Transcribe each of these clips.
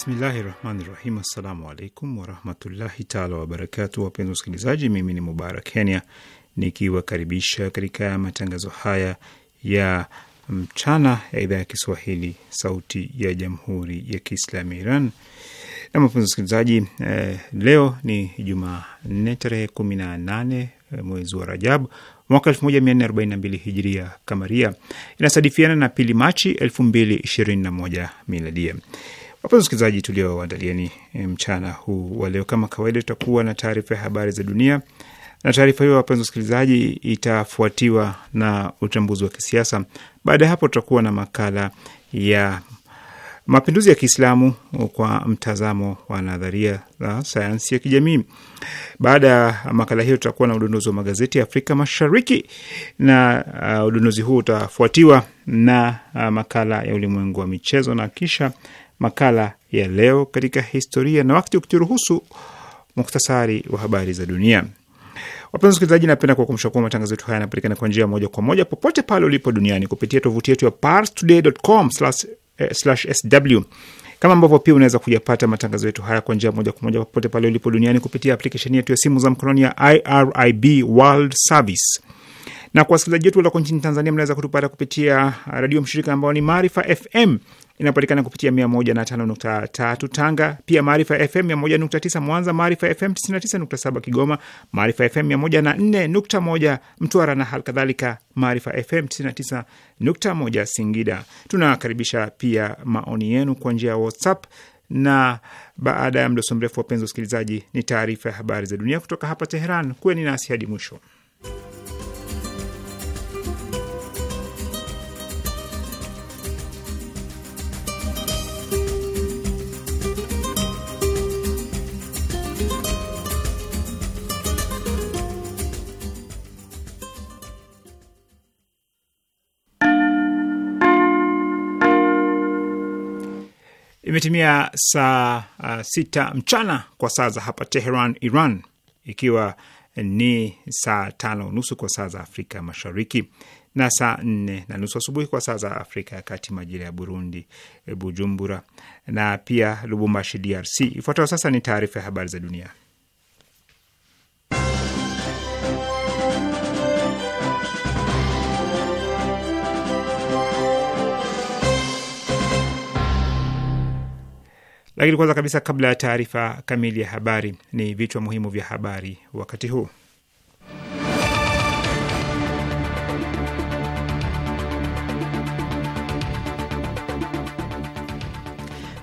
Bismillahi rahmani rahim. Assalamu alaikum warahmatullahi taala wabarakatu. Wapenzi wasikilizaji, mimi ni Mubarak Kenya nikiwakaribisha katika matangazo haya ya mchana ya idhaa ya Kiswahili sauti ya jamhuri ya Kiislamu ya Iran. Na wapenzi wasikilizaji, eh, leo ni Jumanne tarehe kumi na nane eh, mwezi wa Rajab mwaka 1442 hijiria kamaria, inasadifiana na pili Machi moja miladia. Wapenzi wasikilizaji, tulioandalieni eh, mchana huu wa leo, kama kawaida, tutakuwa na taarifa ya habari za dunia, na taarifa hiyo, wapenzi wasikilizaji, itafuatiwa na uchambuzi wa kisiasa. Baada ya hapo, tutakuwa na makala ya mapinduzi ya Kiislamu kwa mtazamo wa nadharia za sayansi ya kijamii. Baada ya makala hiyo, tutakuwa na udondozi wa magazeti ya Afrika Mashariki na uh, udondozi huu utafuatiwa na uh, makala ya ulimwengu wa michezo na kisha makala ya leo katika historia, na wakati ukituruhusu, muktasari wa habari za dunia. Wapenzi wasikilizaji, napenda kuwakumbusha kuwa matangazo yetu haya yanapatikana kwa njia moja kwa moja popote pale ulipo duniani kupitia tovuti yetu ya parstoday.com/sw, eh, kama ambavyo pia unaweza kuyapata matangazo yetu haya kwa njia moja kwa moja popote pale ulipo duniani kupitia aplikesheni yetu ya simu za mkononi ya IRIB World Service na kwa wasikilizaji wetu walioko nchini Tanzania, mnaweza kutupata kupitia eh, redio mshirika ambao ni Maarifa FM inapatikana kupitia 105.3 Tanga, pia Maarifa FM 101.9 Mwanza, Maarifa FM 99.7 Kigoma, Maarifa FM 104.1 Mtwara na hali kadhalika Maarifa FM 99.1 Singida. Tunakaribisha pia maoni yenu kwa njia ya WhatsApp na baada ya mdoso mrefu, wapenzi usikilizaji ni taarifa ya habari za dunia kutoka hapa Teheran. Kuweni nasi hadi mwisho. Imetimia saa uh, sita mchana kwa saa za hapa Teheran, Iran, ikiwa ni saa tano nusu kwa saa za Afrika Mashariki na saa nne na nusu asubuhi kwa saa za Afrika ya Kati, majira ya Burundi, Bujumbura na pia Lubumbashi, DRC. Ifuatayo sasa ni taarifa ya habari za dunia. Lakini kwanza kabisa, kabla ya taarifa kamili ya habari, ni vichwa muhimu vya habari wakati huu.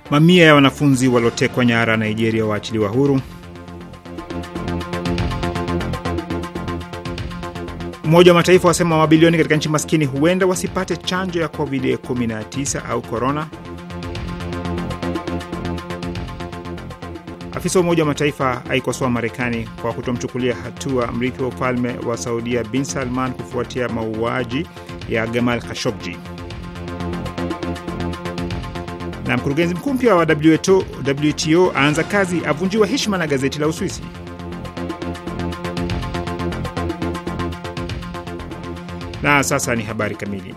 Mamia ya wanafunzi waliotekwa nyara Nigeria waachiliwa huru. Umoja wa Mataifa wasema mabilioni katika nchi maskini huenda wasipate chanjo ya COVID-19 au korona. Afisa wa Umoja wa Mataifa aikosoa Marekani kwa kutomchukulia hatua mrithi wa ufalme wa Saudia Bin Salman kufuatia mauaji ya Gamal Khashoggi. Na mkurugenzi mkuu mpya wa WTO, WTO aanza kazi, avunjiwa heshima na gazeti la Uswisi. Na sasa ni habari kamili.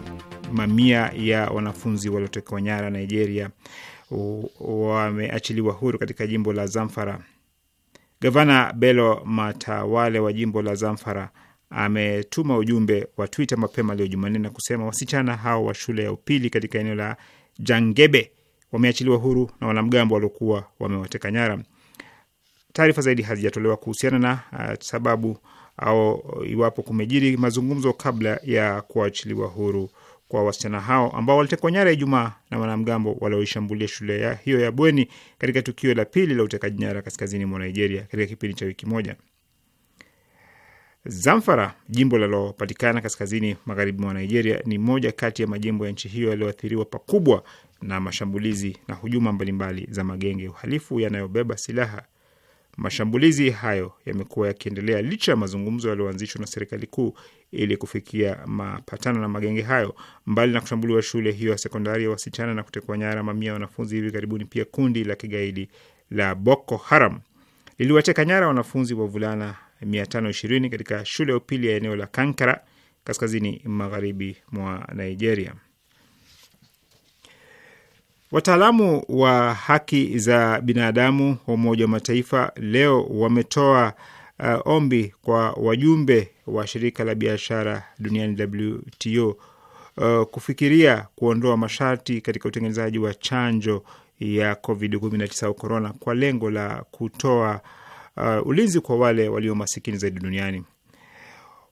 Mamia ya wanafunzi waliotekwa nyara Nigeria wameachiliwa huru katika jimbo la Zamfara. Gavana Bello Matawale wa jimbo la Zamfara ametuma ujumbe wa Twitter mapema leo Jumanne na kusema wasichana hao wa shule ya upili katika eneo la Jangebe wameachiliwa huru na wanamgambo waliokuwa wamewateka nyara. Taarifa zaidi hazijatolewa kuhusiana na uh, sababu au iwapo kumejiri mazungumzo kabla ya kuachiliwa huru kwa wasichana hao ambao walitekwa nyara Ijumaa na wanamgambo walioishambulia shule ya hiyo ya bweni katika tukio la pili la utekaji nyara kaskazini mwa Nigeria katika kipindi cha wiki moja. Zamfara, jimbo linalopatikana kaskazini magharibi mwa Nigeria, ni moja kati ya majimbo ya nchi hiyo yaliyoathiriwa pakubwa na mashambulizi na hujuma mbalimbali za magenge ya uhalifu yanayobeba silaha. Mashambulizi hayo yamekuwa yakiendelea licha ya mazungumzo yaliyoanzishwa na serikali kuu ili kufikia mapatano na magenge hayo. Mbali na kushambuliwa shule hiyo ya sekondari ya wasichana na kutekwa nyara mamia ya wanafunzi hivi karibuni, pia kundi la kigaidi la Boko Haram liliwateka nyara wanafunzi wavulana 520 katika shule ya upili ya eneo la Kankara kaskazini magharibi mwa Nigeria. Wataalamu wa haki za binadamu wa Umoja wa Mataifa leo wametoa uh, ombi kwa wajumbe wa shirika la biashara duniani WTO uh, kufikiria kuondoa masharti katika utengenezaji wa chanjo ya COVID-19 au korona kwa lengo la kutoa uh, ulinzi kwa wale walio masikini zaidi duniani.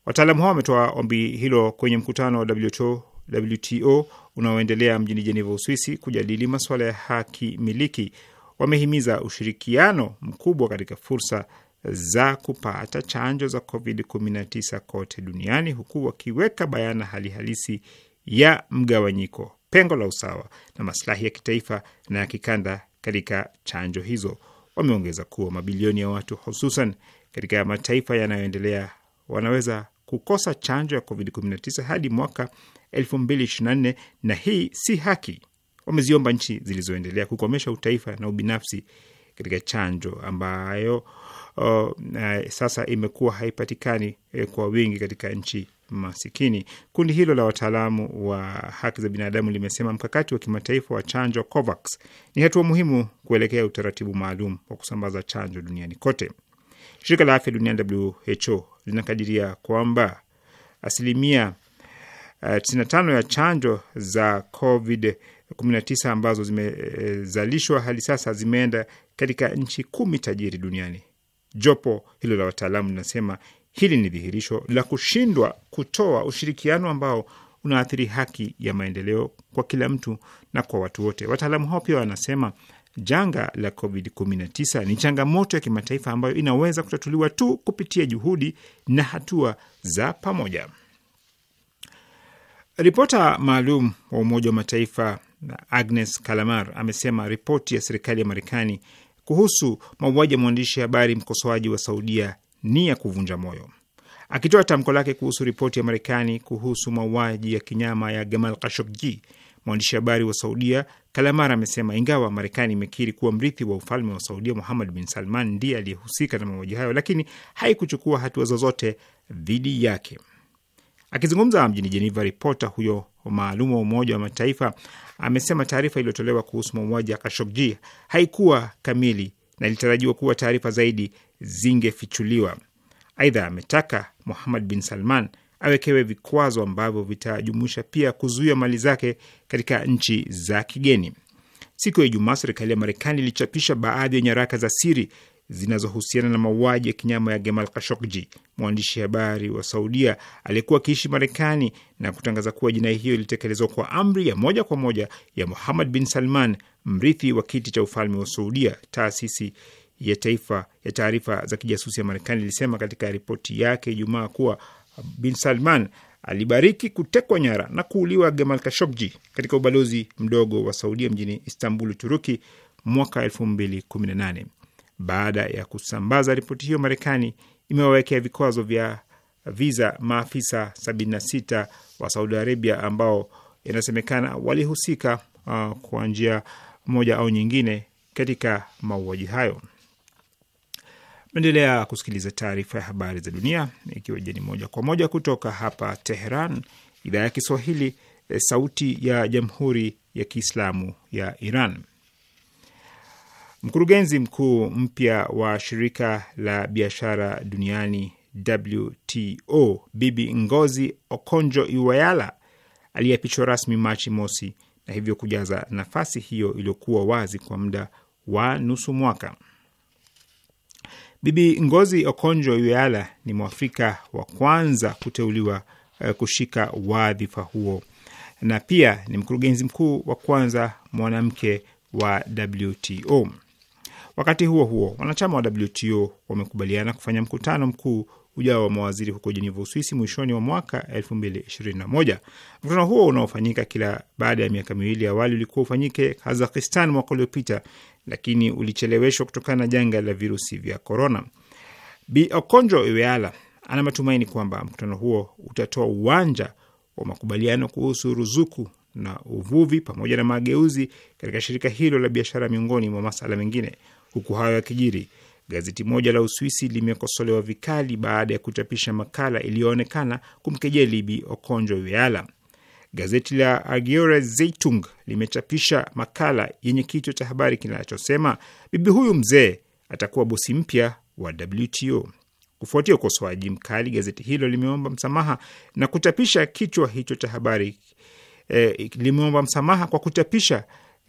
Wataalamu hao wametoa ombi hilo kwenye mkutano wa WTO WTO unaoendelea mjini Jeneva, Uswisi, kujadili masuala ya haki miliki. Wamehimiza ushirikiano mkubwa katika fursa za kupata chanjo za COVID-19 kote duniani, huku wakiweka bayana hali halisi ya mgawanyiko, pengo la usawa na maslahi ya kitaifa na ya kikanda katika chanjo hizo. Wameongeza kuwa mabilioni ya watu hususan katika mataifa yanayoendelea wanaweza kukosa chanjo ya COVID-19 hadi mwaka 2024 na hii si haki. Wameziomba nchi zilizoendelea kukomesha utaifa na ubinafsi katika chanjo ambayo o, uh, na, eh, sasa imekuwa haipatikani e, kwa wingi katika nchi masikini. Kundi hilo la wataalamu wa haki za binadamu limesema mkakati wa kimataifa wa chanjo COVAX ni hatua muhimu kuelekea utaratibu maalum wa kusambaza chanjo duniani kote. Shirika la afya duniani WHO zinakadiria kwamba asilimia 95 eh, ya chanjo za COVID 19 ambazo zimezalishwa hadi sasa zimeenda katika nchi kumi tajiri duniani. Jopo hilo la wataalamu linasema hili ni dhihirisho la kushindwa kutoa ushirikiano ambao unaathiri haki ya maendeleo kwa kila mtu na kwa watu wote. Wataalamu hao pia wanasema janga la COVID-19 ni changamoto ya kimataifa ambayo inaweza kutatuliwa tu kupitia juhudi na hatua za pamoja. Ripota maalum wa Umoja wa Mataifa Agnes Kalamar amesema ripoti ya serikali ya Marekani kuhusu mauaji ya mwandishi habari mkosoaji wa Saudia ni ya kuvunja moyo. Akitoa tamko lake kuhusu ripoti ya Marekani kuhusu mauaji ya kinyama ya Gamal Khashoggi, mwandishi habari wa Saudia Kalamara amesema ingawa Marekani imekiri kuwa mrithi wa ufalme wa Saudia Muhammad bin Salman ndiye aliyehusika na mauaji hayo, lakini haikuchukua hatua zozote dhidi yake. Akizungumza mjini Jeneva, ripota huyo maalum wa Umoja wa Mataifa amesema taarifa iliyotolewa kuhusu mauaji ya Kashogji haikuwa kamili na ilitarajiwa kuwa taarifa zaidi zingefichuliwa. Aidha, ametaka Muhammad bin Salman awekewe vikwazo ambavyo vitajumuisha pia kuzuia mali zake katika nchi za kigeni. Siku ya Ijumaa, serikali ya Marekani ilichapisha baadhi ya nyaraka za siri zinazohusiana na mauaji ya kinyama ya Gemal Khashoggi, mwandishi habari wa Saudia aliyekuwa akiishi Marekani, na kutangaza kuwa jinai hiyo ilitekelezwa kwa amri ya moja kwa moja ya Muhammad bin Salman, mrithi wa kiti cha ufalme wa Saudia. Taasisi ya taifa ya taarifa za kijasusi ya Marekani ilisema katika ripoti yake Ijumaa kuwa bin Salman alibariki kutekwa nyara na kuuliwa Gamal Kashogji katika ubalozi mdogo wa Saudia mjini Istanbul, Uturuki mwaka 2018. Baada ya kusambaza ripoti hiyo, Marekani imewawekea vikwazo vya viza maafisa 76 wa Saudi Arabia ambao inasemekana walihusika uh, kwa njia moja au nyingine katika mauaji hayo. Naendelea kusikiliza taarifa ya habari za dunia, ikiwa jeni moja kwa moja kutoka hapa Teheran, idhaa ya Kiswahili, eh, sauti ya jamhuri ya kiislamu ya Iran. Mkurugenzi mkuu mpya wa shirika la biashara duniani WTO Bibi Ngozi Okonjo Iweala aliyeapishwa rasmi Machi mosi na hivyo kujaza nafasi hiyo iliyokuwa wazi kwa muda wa nusu mwaka. Bibi Ngozi Okonjo-Iweala ni Mwafrika wa kwanza kuteuliwa eh, kushika wadhifa huo na pia ni mkurugenzi mkuu wa kwanza mwanamke wa WTO. Wakati huo huo, wanachama wa WTO wamekubaliana kufanya mkutano mkuu ujao wa mawaziri huko Jeneva, Uswisi, mwishoni wa mwaka elfu Mkutano huo unaofanyika kila baada ya miaka miwili, awali ulikuwa ufanyike Kazakistan mwaka uliopita, lakini ulicheleweshwa kutokana na janga la virusi vya korona. Bi Okonjo Iweala ana matumaini kwamba mkutano huo utatoa uwanja wa makubaliano kuhusu ruzuku na uvuvi pamoja na mageuzi katika shirika hilo la biashara miongoni mwa masala mengine. Huku hayo yakijiri, Gazeti moja la Uswisi limekosolewa vikali baada ya kuchapisha makala iliyoonekana kumkejeli Bi Okonjo Iweala. Gazeti la Agiore Zeitung limechapisha makala yenye kichwa cha habari kinachosema bibi huyu mzee atakuwa bosi mpya wa WTO. Kufuatia ukosoaji mkali, gazeti hilo limeomba msamaha na kuchapisha kichwa hicho cha habari eh, limeomba msamaha kwa kuchapisha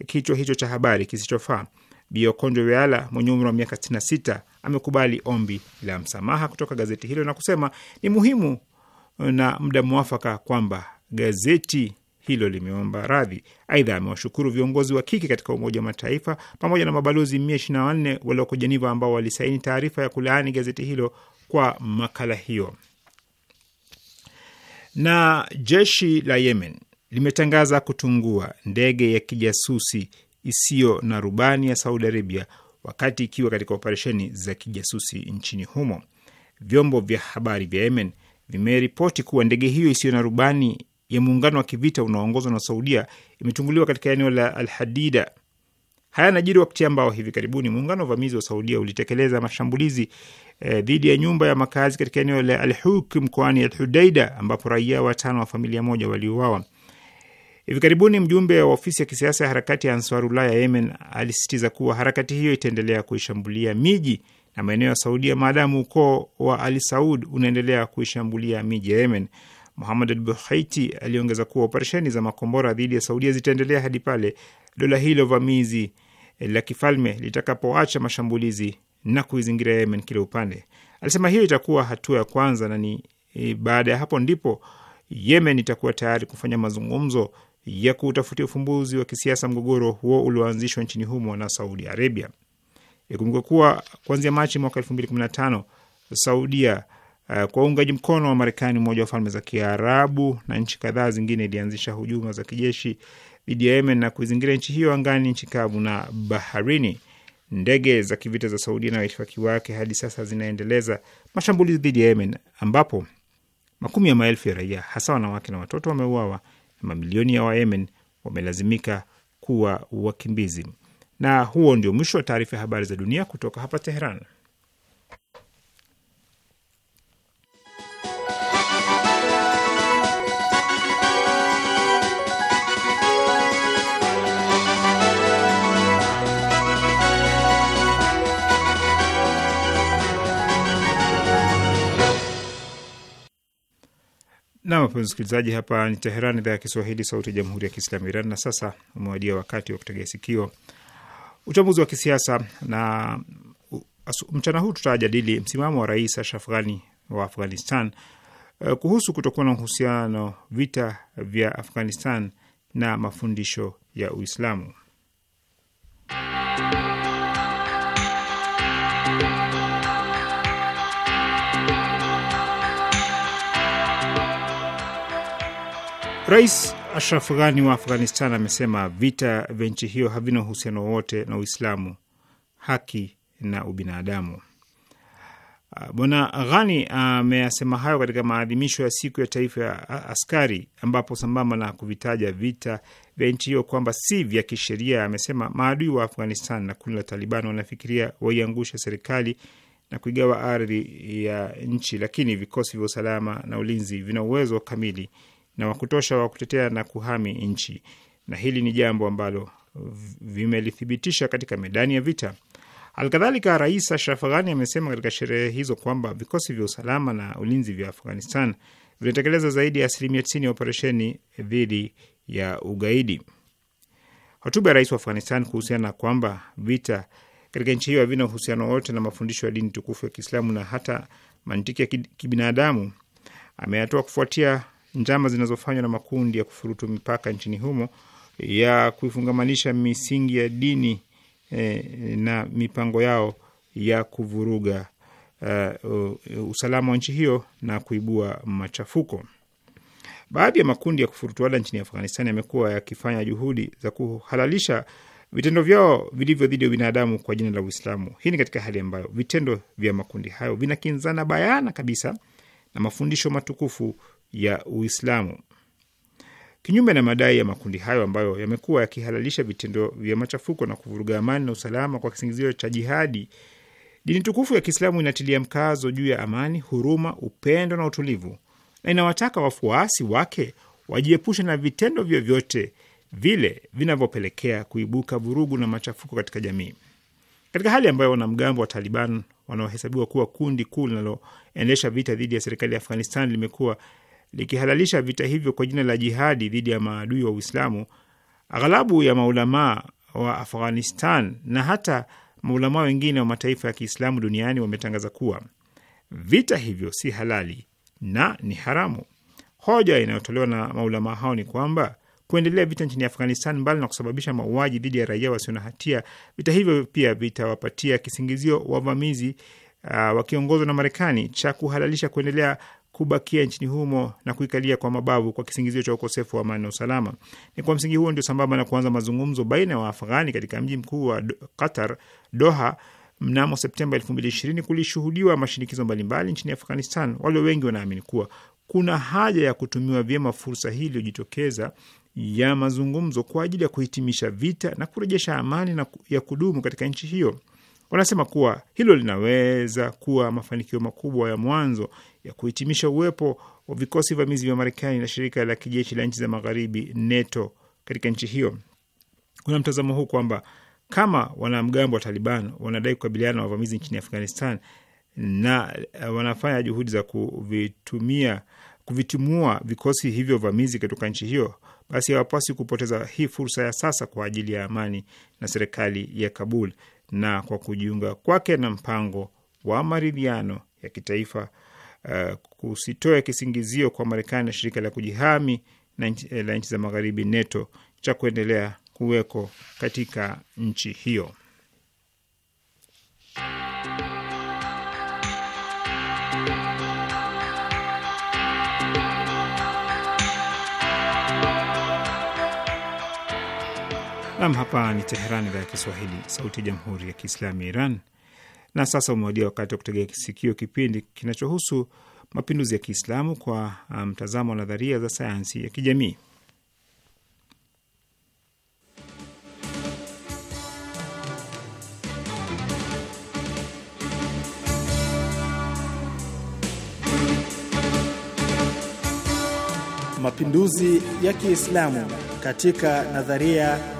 kichwa hicho cha habari kisichofaa. Bi Okonjo Iweala mwenye umri wa miaka 66 amekubali ombi la msamaha kutoka gazeti hilo na kusema ni muhimu uh, na muda mwafaka kwamba gazeti hilo limeomba radhi. Aidha, amewashukuru viongozi wa kike katika Umoja wa Mataifa pamoja na mabalozi mia ishirini na wanne walioko Jeniva ambao walisaini taarifa ya kulaani gazeti hilo kwa makala hiyo. Na jeshi la Yemen limetangaza kutungua ndege ya kijasusi isiyo na rubani ya Saudi Arabia wakati ikiwa katika operesheni za kijasusi nchini humo. Vyombo vya habari vya Yemen vimeripoti kuwa ndege hiyo isiyo na rubani ya muungano wa kivita unaoongozwa na Saudia imetunguliwa katika eneo la Al Hadida. Haya yanajiri wakati ambao hivi karibuni muungano wa uvamizi wa Saudia ulitekeleza mashambulizi eh, dhidi ya nyumba ya makazi katika eneo la Al Huk mkoani Al Hudaida, ambapo raia watano wa familia moja waliuawa. Hivi karibuni mjumbe wa ofisi ya kisiasa ya harakati ya Ansarullah ya Yemen alisisitiza kuwa harakati hiyo itaendelea kuishambulia miji na maeneo ya Saudia maadamu ukoo wa Ali Saud unaendelea kuishambulia miji ya Yemen. Muhamad al Buhaiti aliongeza kuwa operesheni za makombora dhidi ya Saudia zitaendelea hadi pale dola hilo vamizi la kifalme litakapoacha mashambulizi na kuizingira Yemen kila upande. Alisema hiyo itakuwa hatua ya kwanza na ni e, baada ya hapo ndipo Yemen itakuwa tayari kufanya mazungumzo ya kutafutia ufumbuzi wa kisiasa mgogoro huo ulioanzishwa nchini humo na Saudi Arabia. Ikumbuka kuwa kuanzia Machi mwaka elfu mbili kumi na tano Saudia uh, kwa uungaji mkono wa Marekani, mmoja wa falme za Kiarabu na nchi kadhaa zingine ilianzisha hujuma za kijeshi dhidi ya Yemen na kuizingira nchi hiyo angani, nchi kavu na baharini. Ndege za kivita za Saudia na waitifaki wake hadi sasa zinaendeleza mashambulizi dhidi ya Yemen ambapo makumi ya maelfu ya raia hasa wanawake na watoto wameuawa mamilioni ya Wayemen wamelazimika kuwa wakimbizi. Na huo ndio mwisho wa taarifa ya habari za dunia kutoka hapa Teheran. Nam, wapenzi msikilizaji, hapa ni Teheran, idhaa ya Kiswahili, sauti ya jamhuri ya kiislamu Iran. Na sasa umewadia wakati wa kutegea sikio uchambuzi wa kisiasa, na mchana huu tutajadili msimamo wa Rais Ashraf Ghani wa Afghanistan e, kuhusu kutokuwa na uhusiano vita vya Afghanistan na mafundisho ya Uislamu. Rais Ashraf Ghani wa Afghanistan amesema vita vya nchi hiyo havina uhusiano wowote na Uislamu, haki na ubinadamu. Ah, Bwana Ghani ameyasema hayo katika maadhimisho ya siku ya taifa ya askari, ambapo sambamba na kuvitaja vita vya nchi hiyo kwamba si vya kisheria, amesema maadui wa Afghanistan na kundi la Taliban wanafikiria waiangusha serikali na kuigawa ardhi ya nchi, lakini vikosi vya usalama na ulinzi vina uwezo kamili na wa kutosha wa kutetea na kuhami nchi, na hili ni jambo ambalo vimelithibitisha katika medani ya vita. Alkadhalika, Rais Ashraf Ghani amesema katika sherehe hizo kwamba vikosi vya usalama na ulinzi vya Afghanistan vinatekeleza zaidi ya asilimia 90 ya operesheni dhidi ya ugaidi. Hotuba ya rais wa Afghanistan kuhusiana na kwamba vita katika nchi hiyo havina uhusiano wote na mafundisho ya dini tukufu ya Kiislamu na hata mantiki ya kibinadamu ameyatoa kufuatia njama zinazofanywa na makundi ya kufurutu mipaka nchini humo ya kuifungamanisha misingi ya dini eh, na mipango yao ya kuvuruga uh, usalama wa nchi hiyo na kuibua machafuko. Baadhi ya makundi ya kufurutuada nchini Afghanistan yamekuwa yakifanya juhudi za kuhalalisha vitendo vyao vilivyo dhidi ya binadamu kwa jina la Uislamu. Hii ni katika hali ambayo vitendo vya makundi hayo vinakinzana bayana kabisa na mafundisho matukufu ya Uislamu. Kinyume na madai ya makundi hayo ambayo yamekuwa yakihalalisha vitendo vya machafuko na kuvuruga amani na usalama kwa kisingizio cha jihadi, dini tukufu ya Kiislamu inatilia mkazo juu ya amani, huruma, upendo na utulivu, na inawataka wafuasi wake wajiepushe na vitendo vyovyote vile vinavyopelekea kuibuka vurugu na machafuko katika jamii, katika hali ambayo wanamgambo wa Taliban wanaohesabiwa kuwa kundi kuu linaloendesha vita dhidi ya serikali ya Afghanistan limekuwa likihalalisha vita hivyo kwa jina la jihadi dhidi ya maadui wa Uislamu, aghalabu ya maulamaa wa Afghanistan na hata maulamaa wengine wa mataifa ya Kiislamu duniani wametangaza kuwa vita hivyo si halali na ni haramu. Hoja inayotolewa na maulamaa hao ni kwamba kuendelea vita nchini Afghanistan, mbali na kusababisha mauaji dhidi ya raia wasio na hatia, vita hivyo pia vitawapatia kisingizio wavamizi uh, wakiongozwa na Marekani cha kuhalalisha kuendelea kubakia nchini humo na kuikalia kwa mabavu kwa kisingizio cha ukosefu wa amani na usalama. Ni kwa msingi huo ndio sambamba na kuanza mazungumzo baina ya Waafghani katika mji mkuu wa Qatar, Doha, mnamo Septemba 2020 kulishuhudiwa mashinikizo mbalimbali nchini Afghanistan. Walio wengi wanaamini kuwa kuna haja ya kutumiwa vyema fursa hii iliyojitokeza ya mazungumzo kwa ajili ya kuhitimisha vita na kurejesha amani na ya kudumu katika nchi hiyo. Wanasema kuwa hilo linaweza kuwa mafanikio makubwa ya mwanzo ya kuhitimisha uwepo wa vikosi vamizi vya Marekani na shirika la kijeshi la nchi za magharibi NATO katika nchi hiyo. Kuna mtazamo huu kwamba kama wanamgambo wa Taliban wanadai kukabiliana na wavamizi nchini Afghanistan na eh, wanafanya juhudi za kuvitumia kuvitimua vikosi hivyo vamizi kutoka nchi hiyo, basi hawapaswi kupoteza hii fursa ya sasa kwa ajili ya amani na serikali ya Kabul na kwa kujiunga kwake na mpango wa maridhiano ya kitaifa uh, kusitoa kisingizio kwa Marekani na shirika la kujihami na eh, la nchi za magharibi NATO cha kuendelea kuweko katika nchi hiyo. Nam, hapa ni Teherani, idhaa ya Kiswahili, sauti ya jamhuri ya kiislamu ya Iran. Na sasa umewadia wakati wa kutegea sikio kipindi kinachohusu mapinduzi ya Kiislamu kwa um, mtazamo um, wa nadharia za sayansi ya kijamii. Mapinduzi ya Kiislamu katika nadharia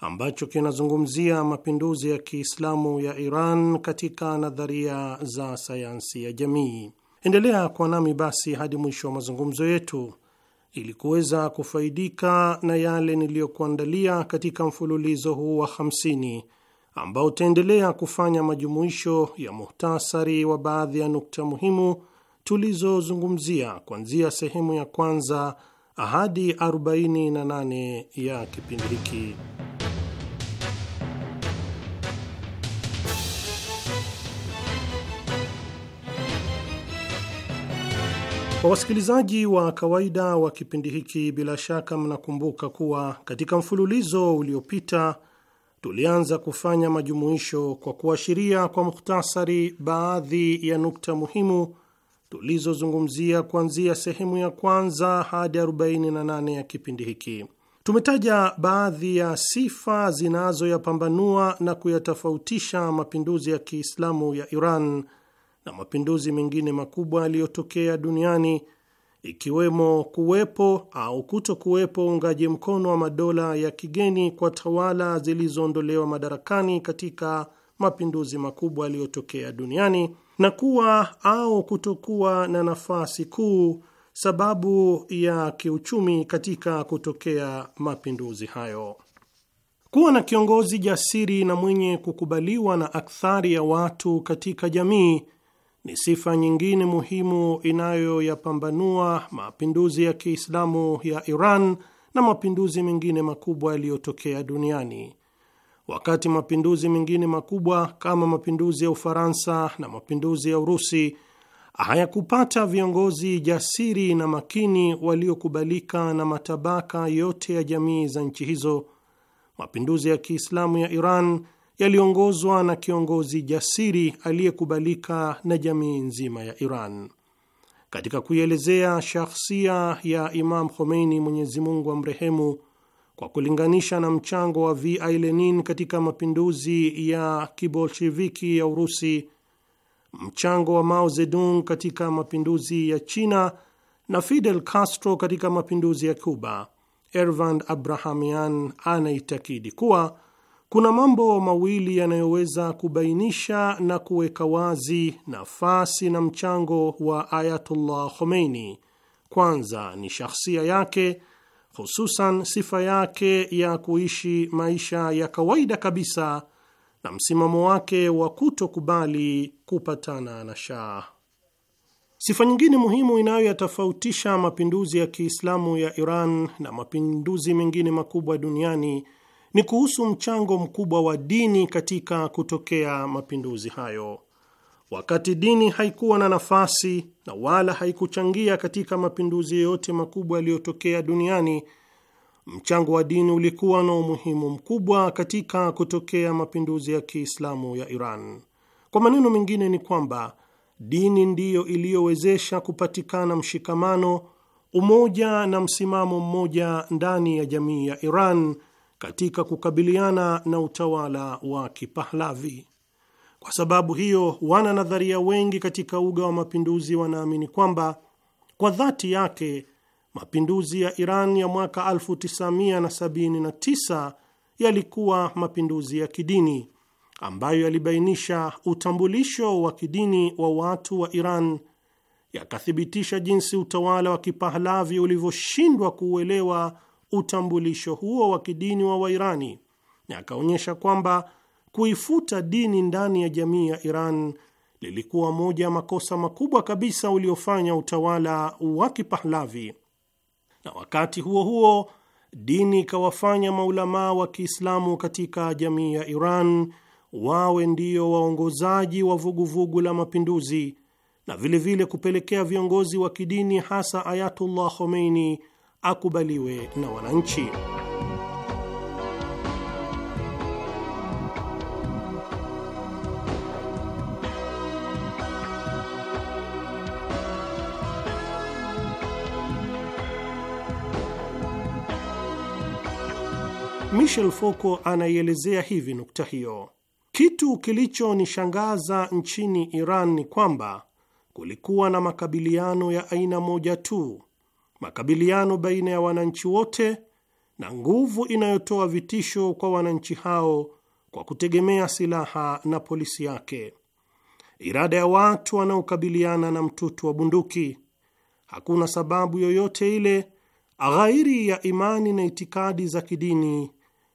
ambacho kinazungumzia mapinduzi ya Kiislamu ya Iran katika nadharia za sayansi ya jamii. Endelea kwa nami basi hadi mwisho wa mazungumzo yetu ili kuweza kufaidika na yale niliyokuandalia katika mfululizo huu wa 50 ambao utaendelea kufanya majumuisho ya muhtasari wa baadhi ya nukta muhimu tulizozungumzia kuanzia sehemu ya kwanza hadi 48 ya kipindi hiki. Kwa wasikilizaji wa kawaida wa kipindi hiki, bila shaka mnakumbuka kuwa katika mfululizo uliopita tulianza kufanya majumuisho kwa kuashiria kwa mukhtasari baadhi ya nukta muhimu tulizozungumzia kuanzia sehemu ya kwanza hadi 48 ya kipindi hiki. Tumetaja baadhi ya sifa zinazoyapambanua na kuyatofautisha mapinduzi ya Kiislamu ya Iran na mapinduzi mengine makubwa yaliyotokea duniani ikiwemo kuwepo au kuto kuwepo uungaji mkono wa madola ya kigeni kwa tawala zilizoondolewa madarakani katika mapinduzi makubwa yaliyotokea duniani na kuwa au kutokuwa na nafasi kuu sababu ya kiuchumi katika kutokea mapinduzi hayo. Kuwa na kiongozi jasiri na mwenye kukubaliwa na akthari ya watu katika jamii ni sifa nyingine muhimu inayoyapambanua mapinduzi ya Kiislamu ya Iran na mapinduzi mengine makubwa yaliyotokea duniani. Wakati mapinduzi mengine makubwa kama mapinduzi ya Ufaransa na mapinduzi ya Urusi hayakupata viongozi jasiri na makini waliokubalika na matabaka yote ya jamii za nchi hizo, mapinduzi ya Kiislamu ya Iran yaliongozwa na kiongozi jasiri aliyekubalika na jamii nzima ya Iran. Katika kuielezea shakhsia ya Imam Khomeini, Mwenyezi Mungu amrehemu, kwa kulinganisha na mchango wa V.I. Lenin katika mapinduzi ya kibolsheviki ya Urusi, mchango wa Mao Zedong katika mapinduzi ya China na Fidel Castro katika mapinduzi ya Cuba, Ervand Abrahamian anaitakidi kuwa kuna mambo mawili yanayoweza kubainisha na kuweka wazi nafasi na mchango wa Ayatullah Khomeini. Kwanza ni shahsia yake, hususan sifa yake ya kuishi maisha ya kawaida kabisa na msimamo wake wa kutokubali kupatana na Shah. Sifa nyingine muhimu inayoyatofautisha mapinduzi ya Kiislamu ya Iran na mapinduzi mengine makubwa duniani ni kuhusu mchango mkubwa wa dini katika kutokea mapinduzi hayo. Wakati dini haikuwa na nafasi na wala haikuchangia katika mapinduzi yote makubwa yaliyotokea duniani, mchango wa dini ulikuwa na umuhimu mkubwa katika kutokea mapinduzi ya Kiislamu ya Iran. Kwa maneno mengine, ni kwamba dini ndiyo iliyowezesha kupatikana mshikamano, umoja na msimamo mmoja ndani ya jamii ya Iran katika kukabiliana na utawala wa Kipahlavi. Kwa sababu hiyo, wana nadharia wengi katika uga wa mapinduzi wanaamini kwamba kwa dhati yake mapinduzi ya Iran ya mwaka 1979 yalikuwa mapinduzi ya kidini ambayo yalibainisha utambulisho wa kidini wa watu wa Iran, yakathibitisha jinsi utawala wa Kipahlavi ulivyoshindwa kuuelewa utambulisho huo wa kidini wa Wairani na akaonyesha kwamba kuifuta dini ndani ya jamii ya Iran lilikuwa moja ya makosa makubwa kabisa uliofanya utawala wa Kipahlavi, na wakati huo huo dini ikawafanya maulamaa wa Kiislamu katika jamii ya Iran wawe ndio waongozaji wa vuguvugu vugu la mapinduzi na vilevile vile kupelekea viongozi wa kidini hasa Ayatullah Khomeini akubaliwe na wananchi. Michel Foucault anaielezea hivi nukta hiyo: kitu kilichonishangaza nchini Iran ni kwamba kulikuwa na makabiliano ya aina moja tu makabiliano baina ya wananchi wote na nguvu inayotoa vitisho kwa wananchi hao kwa kutegemea silaha na polisi yake, irada ya watu wanaokabiliana na mtutu wa bunduki. Hakuna sababu yoyote ile ghairi ya imani na itikadi za kidini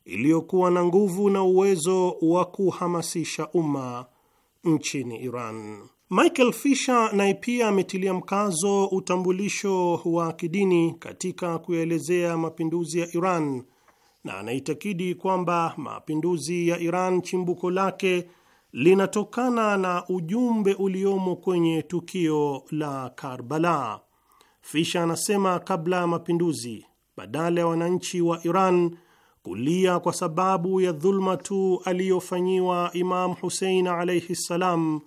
iliyokuwa na nguvu na uwezo wa kuhamasisha umma nchini Iran. Michael Fisher naye pia ametilia mkazo utambulisho wa kidini katika kuelezea mapinduzi ya Iran na anaitakidi kwamba mapinduzi ya Iran chimbuko lake linatokana na ujumbe uliomo kwenye tukio la Karbala. fisha anasema kabla ya mapinduzi, badala ya wananchi wa Iran kulia kwa sababu ya dhulma tu aliyofanyiwa Imam Husein alaihi ssalam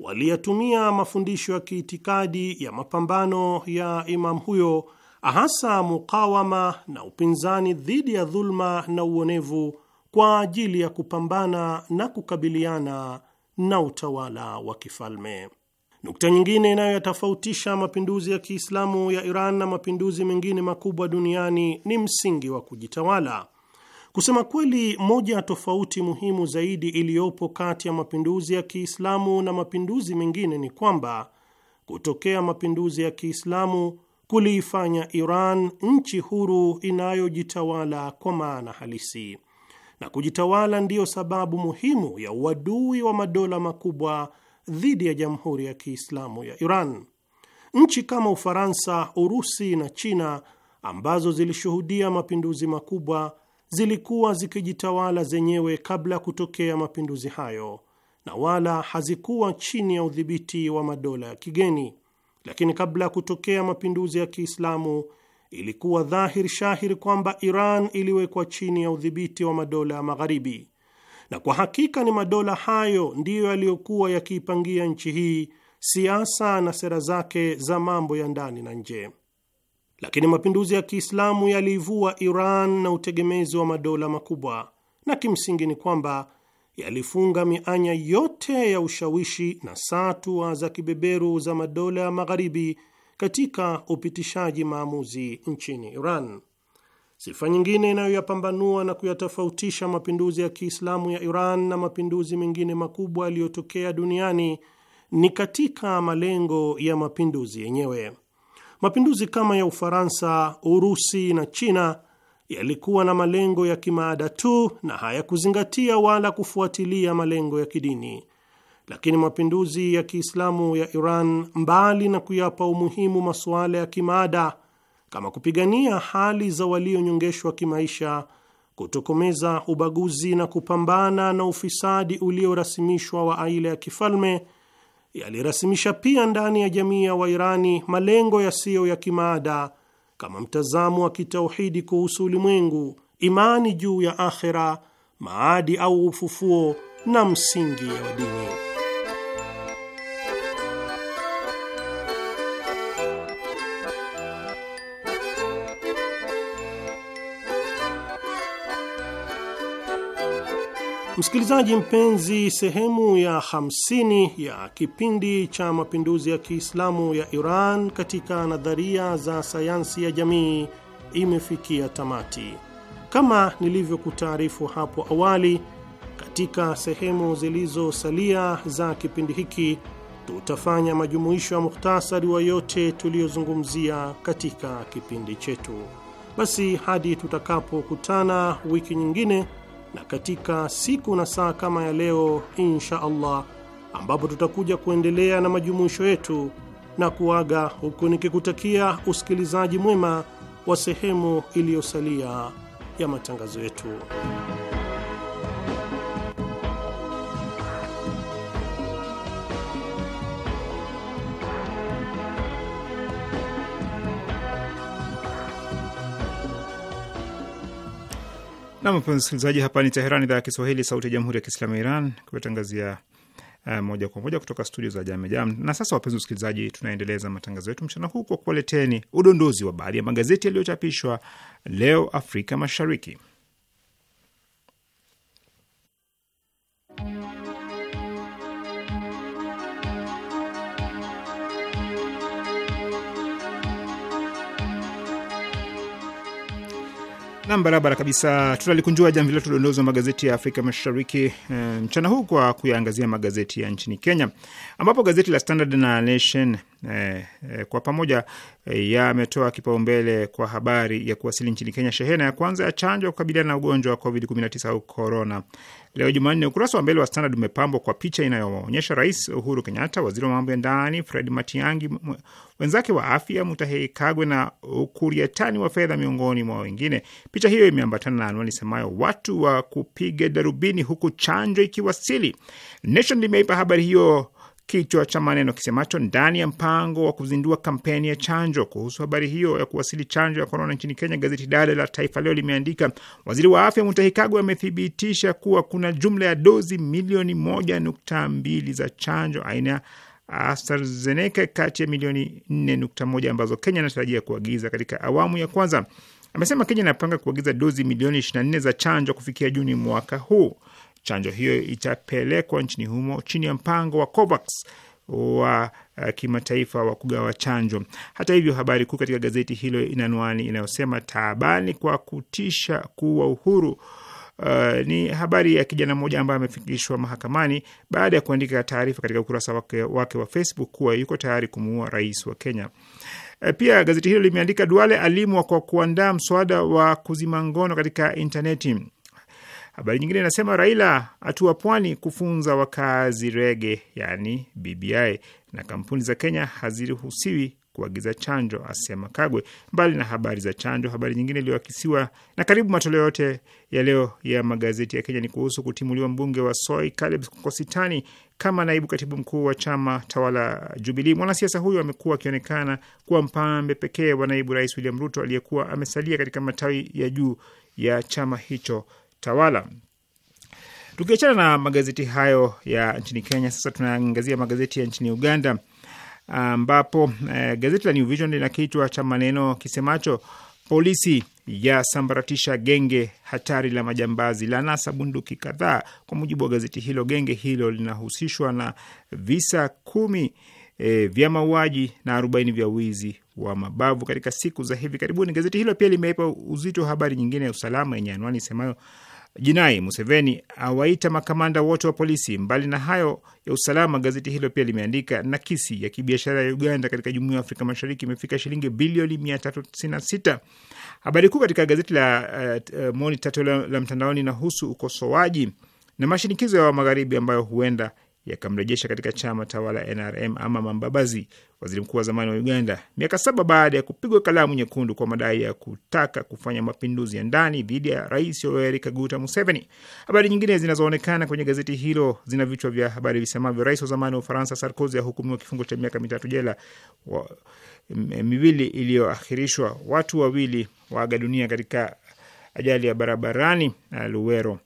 waliyatumia mafundisho ya kiitikadi ya mapambano ya imamu huyo, hasa mukawama na upinzani dhidi ya dhulma na uonevu kwa ajili ya kupambana na kukabiliana na utawala wa kifalme. Nukta nyingine inayoyatofautisha mapinduzi ya Kiislamu ya Iran na mapinduzi mengine makubwa duniani ni msingi wa kujitawala. Kusema kweli, moja ya tofauti muhimu zaidi iliyopo kati ya mapinduzi ya Kiislamu na mapinduzi mengine ni kwamba kutokea mapinduzi ya Kiislamu kuliifanya Iran nchi huru inayojitawala kwa maana halisi, na kujitawala ndiyo sababu muhimu ya uadui wa madola makubwa dhidi ya Jamhuri ya Kiislamu ya Iran. Nchi kama Ufaransa, Urusi na China ambazo zilishuhudia mapinduzi makubwa zilikuwa zikijitawala zenyewe kabla ya kutokea mapinduzi hayo na wala hazikuwa chini ya udhibiti wa madola ya kigeni, lakini kabla ya kutokea mapinduzi ya Kiislamu ilikuwa dhahir shahir kwamba Iran iliwekwa chini ya udhibiti wa madola ya Magharibi, na kwa hakika ni madola hayo ndiyo yaliyokuwa yakiipangia nchi hii siasa na sera zake za mambo ya ndani na nje lakini mapinduzi ya Kiislamu yaliivua Iran na utegemezi wa madola makubwa, na kimsingi ni kwamba yalifunga mianya yote ya ushawishi na satua za kibeberu za madola ya Magharibi katika upitishaji maamuzi nchini Iran. Sifa nyingine inayoyapambanua na kuyatofautisha mapinduzi ya Kiislamu ya Iran na mapinduzi mengine makubwa yaliyotokea duniani ni katika malengo ya mapinduzi yenyewe. Mapinduzi kama ya Ufaransa, Urusi na China yalikuwa na malengo ya kimaada tu na hayakuzingatia wala kufuatilia malengo ya kidini. Lakini mapinduzi ya Kiislamu ya Iran, mbali na kuyapa umuhimu masuala ya kimaada kama kupigania hali za walionyongeshwa kimaisha, kutokomeza ubaguzi na kupambana na ufisadi uliorasimishwa wa aila ya kifalme yalirasimisha pia ndani ya jamii ya Wairani malengo yasiyo ya kimaada kama mtazamo wa kitauhidi kuhusu ulimwengu, imani juu ya akhera, maadi au ufufuo na msingi wa dini. Msikilizaji mpenzi, sehemu ya 50 ya kipindi cha mapinduzi ya Kiislamu ya Iran katika nadharia za sayansi ya jamii imefikia tamati. Kama nilivyokutaarifu hapo awali, katika sehemu zilizosalia za kipindi hiki tutafanya majumuisho ya muhtasari wa yote tuliyozungumzia katika kipindi chetu. Basi hadi tutakapokutana wiki nyingine na katika siku na saa kama ya leo insha Allah, ambapo tutakuja kuendelea na majumuisho yetu na kuaga huku nikikutakia usikilizaji mwema wa sehemu iliyosalia ya matangazo yetu. Nam mpenzi msikilizaji, hapa ni Teheran, idhaa ya Kiswahili, sauti ya jamhuri ya kiislamu ya Iran kuwatangazia uh, eh, moja kwa moja kutoka studio za Jam. Na sasa, wapenzi msikilizaji, tunaendeleza matangazo yetu mchana huu kwa kuwaleteni udondozi wa baadhi ya magazeti yaliyochapishwa leo Afrika Mashariki. Nam, barabara kabisa. Tutalikunjua jamvi letu dondozwa magazeti ya Afrika Mashariki eh, mchana huu kwa kuyaangazia magazeti ya nchini Kenya, ambapo gazeti la Standard na Nation eh, eh, kwa pamoja eh, yametoa kipaumbele kwa habari ya kuwasili nchini Kenya shehena ya kwanza ya chanjo ya kukabiliana na ugonjwa wa COVID-19 au corona leo Jumanne. Ukurasa wa mbele wa Standard umepambwa kwa picha inayoonyesha Rais Uhuru Kenyatta, waziri wa mambo ya ndani Fred Matiang'i, wenzake wa afya Mutahei Kagwe na Ukuriatani wa fedha, miongoni mwa wengine. Picha hiyo imeambatana na anwani semayo watu wa kupiga darubini huku chanjo ikiwasili. Nation limeipa habari hiyo kichwa cha maneno kisemacho ndani ya mpango wa kuzindua kampeni ya chanjo. Kuhusu habari hiyo ya kuwasili chanjo ya korona nchini Kenya, gazeti dada la Taifa Leo limeandika waziri wa afya Mutahi Kagwe amethibitisha kuwa kuna jumla ya dozi milioni moja nukta mbili za chanjo aina ya AstraZeneca kati ya milioni nne nukta moja ambazo Kenya anatarajia kuagiza katika awamu ya kwanza. Amesema Kenya inapanga kuagiza dozi milioni 24 za chanjo kufikia Juni mwaka huu. Chanjo hiyo itapelekwa nchini humo chini ya mpango wa COVAX wa uh, kimataifa wa kugawa chanjo. Hata hivyo, habari kuu katika gazeti hilo ina anwani inayosema taabani kwa kutisha kuwa uhuru. Uh, ni habari ya kijana mmoja ambaye amefikishwa mahakamani baada ya kuandika taarifa katika ukurasa wake, wake wa Facebook kuwa yuko tayari kumuua rais wa Kenya. Uh, pia gazeti hilo limeandika Duale alimwa kwa kuandaa mswada wa kuzima ngono katika intaneti. Habari nyingine inasema Raila atua pwani kufunza wakazi rege, yani BBI, na kampuni za Kenya haziruhusiwi kuagiza chanjo, asema Kagwe. Mbali na habari za chanjo, habari nyingine iliyoakisiwa na karibu matoleo yote ya leo ya magazeti ya Kenya ni kuhusu kutimuliwa mbunge wa Soi Caleb Kositani kama naibu katibu mkuu wa chama tawala Jubilii. Mwanasiasa huyo amekuwa akionekana kuwa mpambe pekee wa naibu rais William Ruto aliyekuwa amesalia katika matawi ya juu ya chama hicho tawala. Tukiachana na magazeti hayo ya nchini Kenya, sasa tunaangazia magazeti ya nchini Uganda ambapo uh, gazeti la New Vision lina kichwa cha maneno kisemacho polisi yasambaratisha genge hatari la majambazi la nasa bunduki kadhaa. Kwa mujibu wa gazeti hilo, genge hilo linahusishwa na visa kumi e, vya mauaji na arobaini vya wizi wa mabavu katika siku za hivi karibuni. Gazeti hilo pia limeipa uzito habari nyingine ya usalama yenye anwani isemayo jinai. Museveni awaita makamanda wote wa polisi. Mbali na hayo ya usalama, gazeti hilo pia limeandika nakisi ya kibiashara ya Uganda katika jumuiya ya Afrika Mashariki imefika shilingi bilioni 396. Habari kuu katika gazeti la uh, Monitor la, la mtandaoni inahusu ukosoaji na mashinikizo ya wa magharibi ambayo huenda yakamrejesha katika chama tawala NRM ama Mambabazi, waziri mkuu wa zamani wa Uganda, miaka saba baada ya kupigwa kalamu nyekundu kwa madai ya kutaka kufanya mapinduzi ya ndani dhidi ya rais Yoweri Kaguta Museveni. Habari nyingine zinazoonekana kwenye gazeti hilo zina vichwa vya habari visemavyo: rais wa zamani wa Ufaransa Sarkozy ahukumiwa kifungo cha miaka mitatu jela wa, miwili iliyoakhirishwa, watu wawili waaga dunia katika ajali ya barabarani na Luwero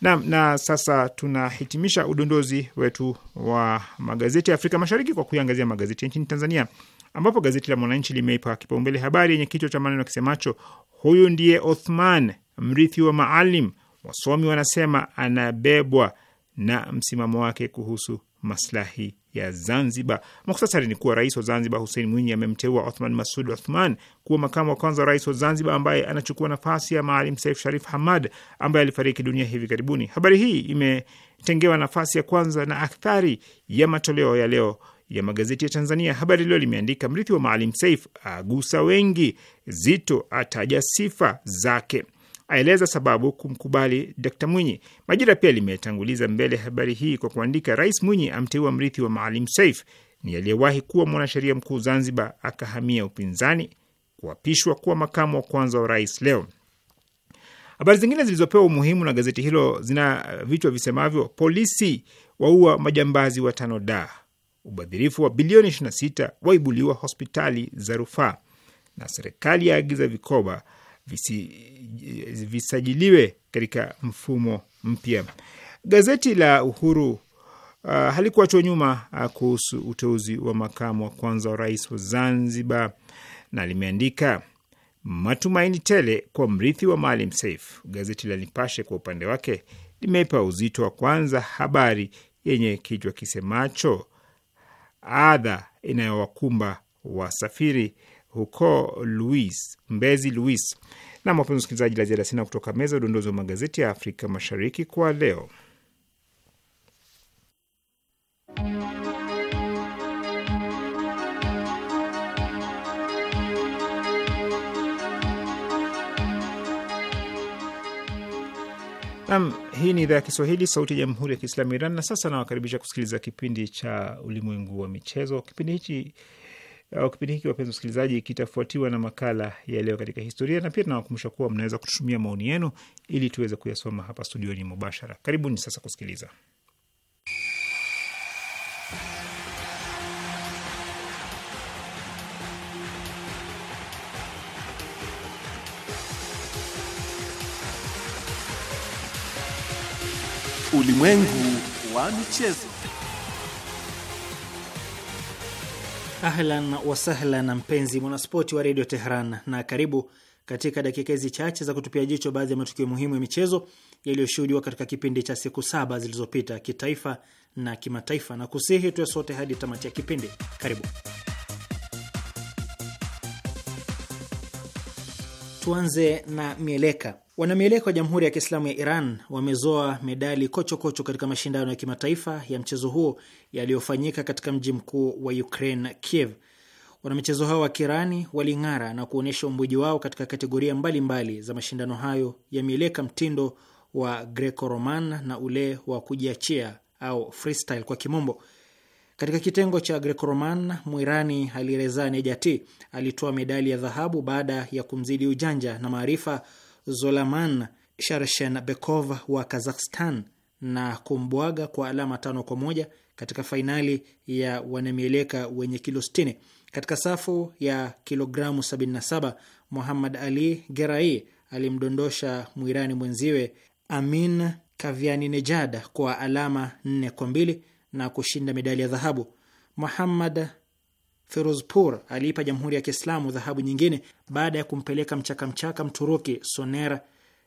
na, na sasa tunahitimisha udondozi wetu wa magazeti ya Afrika Mashariki kwa kuiangazia magazeti nchini Tanzania, ambapo gazeti la Mwananchi limeipa kipaumbele habari yenye kichwa cha maneno kisemacho huyu ndiye Othman mrithi wa Maalim, wasomi wanasema anabebwa na msimamo wake kuhusu maslahi ya Zanzibar. Muktasari ni kuwa rais wa Zanzibar Hussein Mwinyi amemteua Othman Masud Othman kuwa makamu wa kwanza wa rais wa Zanzibar, ambaye anachukua nafasi ya Maalim Saif Sharif Hamad ambaye alifariki dunia hivi karibuni. Habari hii imetengewa nafasi ya kwanza na akthari ya matoleo ya leo ya magazeti ya Tanzania. Habari Leo limeandika mrithi wa Maalim Saif agusa wengi, Zito ataja sifa zake aeleza sababu kumkubali Dkt Mwinyi. Majira pia limetanguliza mbele habari hii kwa kuandika, Rais Mwinyi amteua mrithi wa Maalim Seif ni aliyewahi kuwa mwanasheria mkuu Zanzibar akahamia upinzani kuapishwa kuwa makamu wa kwanza wa rais leo. Habari zingine zilizopewa umuhimu na gazeti hilo zina vichwa visemavyo: polisi waua majambazi watano da, ubadhirifu wa bilioni 26 waibuliwa hospitali za rufaa, na serikali yaagiza vikoba visi, visajiliwe katika mfumo mpya. Gazeti la Uhuru uh, halikuachwa nyuma uh, kuhusu uteuzi wa makamu wa kwanza wa rais wa Zanzibar na limeandika matumaini tele kwa mrithi wa Maalim Seif. Gazeti la Nipashe kwa upande wake limeipa uzito wa kwanza habari yenye kichwa kisemacho adha inayowakumba wasafiri huko Luis, Mbezi Luis. Na wapenzi wasikilizaji, la ziada sina kutoka meza udondozi wa magazeti ya Afrika Mashariki kwa leo. Nam, hii ni idhaa ya Kiswahili, sauti ya jamhuri ya kiislamu ya Iran. Na sasa nawakaribisha kusikiliza kipindi cha ulimwengu wa michezo. Kipindi hichi wa uh, kipindi hiki, wapenzi wasikilizaji, kitafuatiwa na makala ya leo katika historia, na pia tunawakumbusha kuwa mnaweza kututumia maoni yenu ili tuweze kuyasoma hapa studioni mubashara. Karibuni sasa kusikiliza Ulimwengu wa michezo. Ahlan wasahla na mpenzi mwanaspoti wa redio Tehran, na karibu katika dakika hizi chache za kutupia jicho baadhi ya matukio muhimu ya michezo yaliyoshuhudiwa katika kipindi cha siku saba zilizopita kitaifa na kimataifa, na kusihi tuwe sote hadi tamati ya kipindi. Karibu tuanze na mieleka. Wanamieleka wa Jamhuri ya Kiislamu ya Iran wamezoa medali kochokocho kocho katika mashindano ya kimataifa ya mchezo huo yaliyofanyika katika mji mkuu wa Ukraine, Kiev. Wanamichezo hao wa Kirani waling'ara na kuonyesha umbuji wao katika kategoria mbalimbali mbali za mashindano hayo ya mieleka mtindo wa Greco-Roman na ule wa kujiachia au freestyle kwa kimombo. Katika kitengo cha Greco-Roman, Mwirani Alireza Nejati alitoa medali ya dhahabu baada ya kumzidi ujanja na maarifa Zolaman Sharshenbekov wa Kazakhstan na kumbwaga kwa alama tano kwa moja katika fainali ya wanamieleka wenye kilo 60. Katika safu ya kilogramu 77, Muhammad Ali Gerai alimdondosha mwirani mwenziwe Amin kaviani nejad kwa alama 4 kwa mbili na kushinda medali ya dhahabu. Muhammad Ferozpur aliipa Jamhuri ya Kiislamu dhahabu nyingine baada ya kumpeleka mchakamchaka Mturuki Soner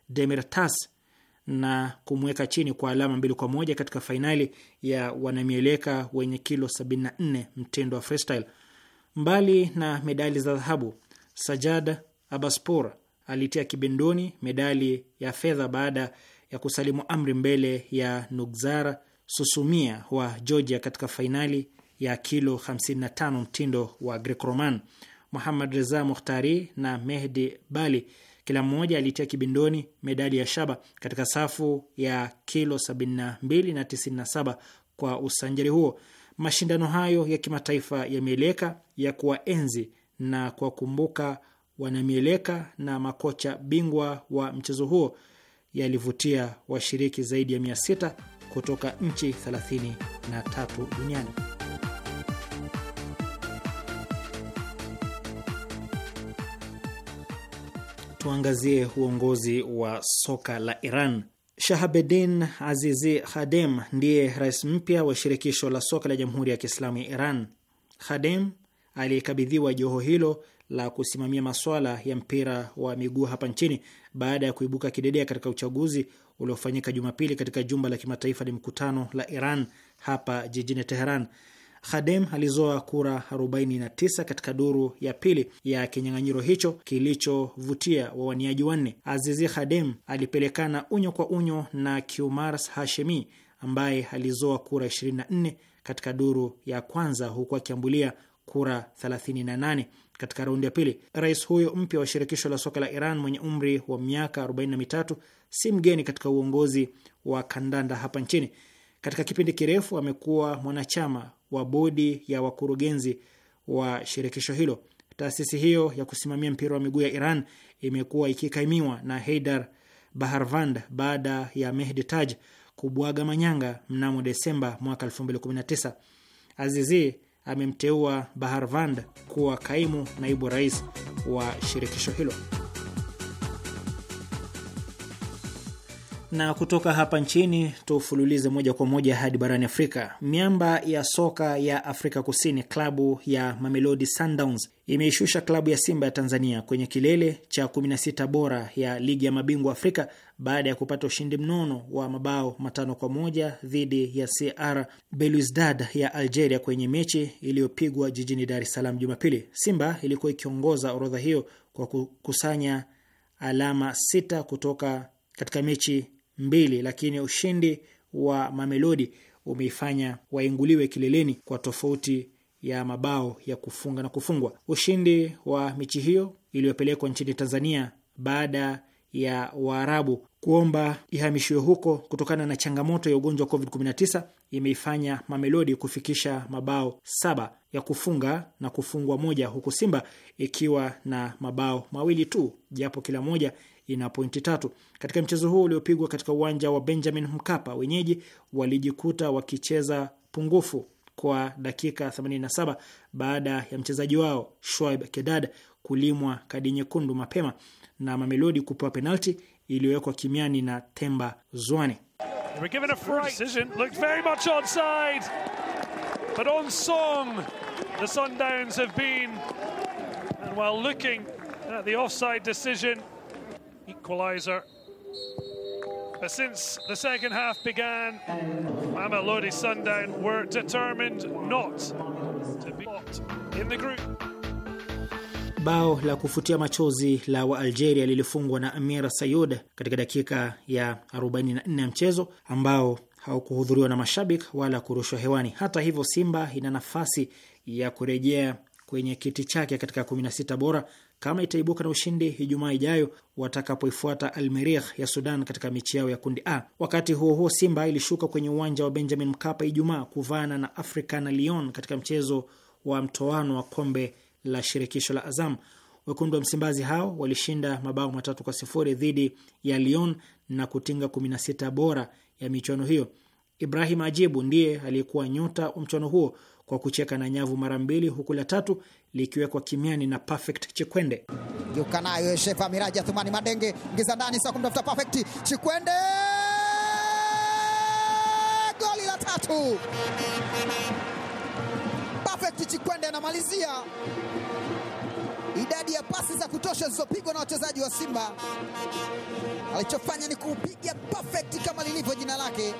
Demirtas na kumweka chini kwa alama mbili kwa moja katika fainali ya wanamieleka wenye kilo 74 mtindo wa freestyle. Mbali na medali za dhahabu, Sajad Abaspor alitia kibindoni medali ya fedha baada ya kusalimu amri mbele ya Nugzara Susumia wa Georgia katika fainali ya kilo 55 mtindo wa Greco-Roman. Muhammad Reza Mukhtari na Mehdi Bali kila mmoja alitia kibindoni medali ya shaba katika safu ya kilo 72 na 97 kwa usanjari huo. Mashindano hayo ya kimataifa ya mieleka ya kuwaenzi na kuwakumbuka wanamieleka na makocha bingwa wa mchezo huo yalivutia washiriki zaidi ya 600 kutoka nchi 33 duniani. Tuangazie uongozi wa soka la Iran. Shahabedin Azizi Khadem ndiye rais mpya wa shirikisho la soka la Jamhuri ya Kiislamu ya Iran. Khadem aliyekabidhiwa joho hilo la kusimamia maswala ya mpira wa miguu hapa nchini baada ya kuibuka kidedea katika uchaguzi uliofanyika Jumapili katika jumba la kimataifa la mkutano la Iran hapa jijini Teheran. Khadem alizoa kura 49 katika duru ya pili ya kinyang'anyiro hicho kilichovutia wawaniaji wanne. Azizi Khadem alipelekana unyo kwa unyo na Kiumars Hashemi ambaye alizoa kura 24 katika duru ya kwanza huku akiambulia kura 38 katika raundi ya pili. Rais huyo mpya wa shirikisho la soka la Iran mwenye umri wa miaka 43 si mgeni katika uongozi wa kandanda hapa nchini. Katika kipindi kirefu amekuwa mwanachama wa bodi ya wakurugenzi wa shirikisho hilo. Taasisi hiyo ya kusimamia mpira wa miguu ya Iran imekuwa ikikaimiwa na Heidar Baharvand baada ya Mehdi Taj kubwaga manyanga mnamo Desemba mwaka 2019. Azizi amemteua Baharvand kuwa kaimu naibu rais wa shirikisho hilo. Na kutoka hapa nchini tufululize moja kwa moja hadi barani Afrika. Miamba ya soka ya Afrika Kusini, klabu ya Mamelodi Sundowns imeishusha klabu ya Simba ya Tanzania kwenye kilele cha 16 bora ya ligi ya mabingwa Afrika baada ya kupata ushindi mnono wa mabao matano kwa moja dhidi ya CR Belouizdad ya Algeria kwenye mechi iliyopigwa jijini Dar es Salaam Jumapili. Simba ilikuwa ikiongoza orodha hiyo kwa kukusanya alama sita kutoka katika mechi mbili, lakini ushindi wa Mamelodi umeifanya wainguliwe kileleni kwa tofauti ya mabao ya kufunga na kufungwa. Ushindi wa michi hiyo iliyopelekwa nchini Tanzania baada ya Waarabu kuomba ihamishiwe huko kutokana na changamoto ya ugonjwa wa COVID-19 imeifanya Mamelodi kufikisha mabao saba ya kufunga na kufungwa moja, huku Simba ikiwa na mabao mawili tu, japo kila moja ina pointi tatu. Katika mchezo huo uliopigwa katika uwanja wa Benjamin Mkapa, wenyeji walijikuta wakicheza pungufu kwa dakika 87 baada ya mchezaji wao Shoaib Kedad kulimwa kadi nyekundu mapema na Mamelodi kupewa penalti iliyowekwa kimiani na Temba Zwane. The Sundowns have been and while looking at the offside decision equaliser. But since the second half began, Mamelodi Sundown were determined not to be locked in the group. Bao la kufutia machozi la wa Algeria lilifungwa na Amira Sayud katika dakika ya 44 ya mchezo ambao haukuhudhuriwa na mashabiki wala kurushwa hewani. Hata hivyo, Simba ina nafasi ya kurejea kwenye kiti chake katika 16 bora kama itaibuka na ushindi Ijumaa ijayo watakapoifuata Almerih ya Sudan katika mechi yao ya kundi A. Wakati huo huo, Simba ilishuka kwenye uwanja wa Benjamin Mkapa Ijumaa kuvaana na Africa na Lyon katika mchezo wa mtoano wa kombe la shirikisho la Azam. Wekundu wa Msimbazi hao walishinda mabao matatu kwa sifuri dhidi ya Lyon na kutinga 16 bora ya michuano hiyo. Ibrahim Ajibu ndiye aliyekuwa nyota wa mchuano huo kwa kucheka na nyavu mara mbili, huku la tatu likiwekwa kimiani na Perfect Chikwende. Yuka nayo Shefa Miraji Athumani Madenge ngiza ndani sasa kumtafuta Perfect Chikwende, goli la tatu. Perfect Chikwende anamalizia idadi ya pasi za kutosha zilizopigwa na wachezaji wa Simba. Alichofanya ni kupiga perfect kama lilivyo jina lake.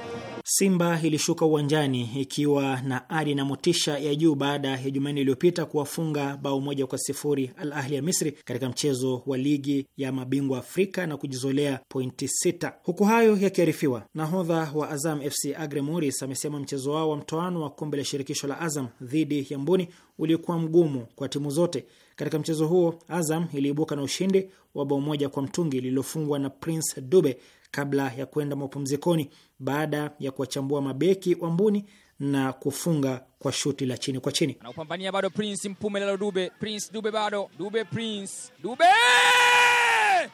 Simba ilishuka uwanjani ikiwa na ari na motisha ya juu baada ya Jumanne iliyopita kuwafunga bao moja kwa sifuri Al Ahli ya Misri katika mchezo wa ligi ya mabingwa Afrika na kujizolea pointi sita. Huku hayo yakiarifiwa, nahodha wa Azam FC Agre Moris amesema mchezo wao wa mtoano wa kombe la shirikisho la Azam dhidi ya Mbuni ulikuwa mgumu kwa timu zote. Katika mchezo huo Azam iliibuka na ushindi wa bao moja kwa mtungi lililofungwa na Prince Dube kabla ya kwenda mapumzikoni baada ya kuwachambua mabeki wa Mbuni na kufunga kwa shuti la chini kwa chini. Anaupambania bado Prince Mpumelelo Dube, Prince Dube bado Dube, Prince Dube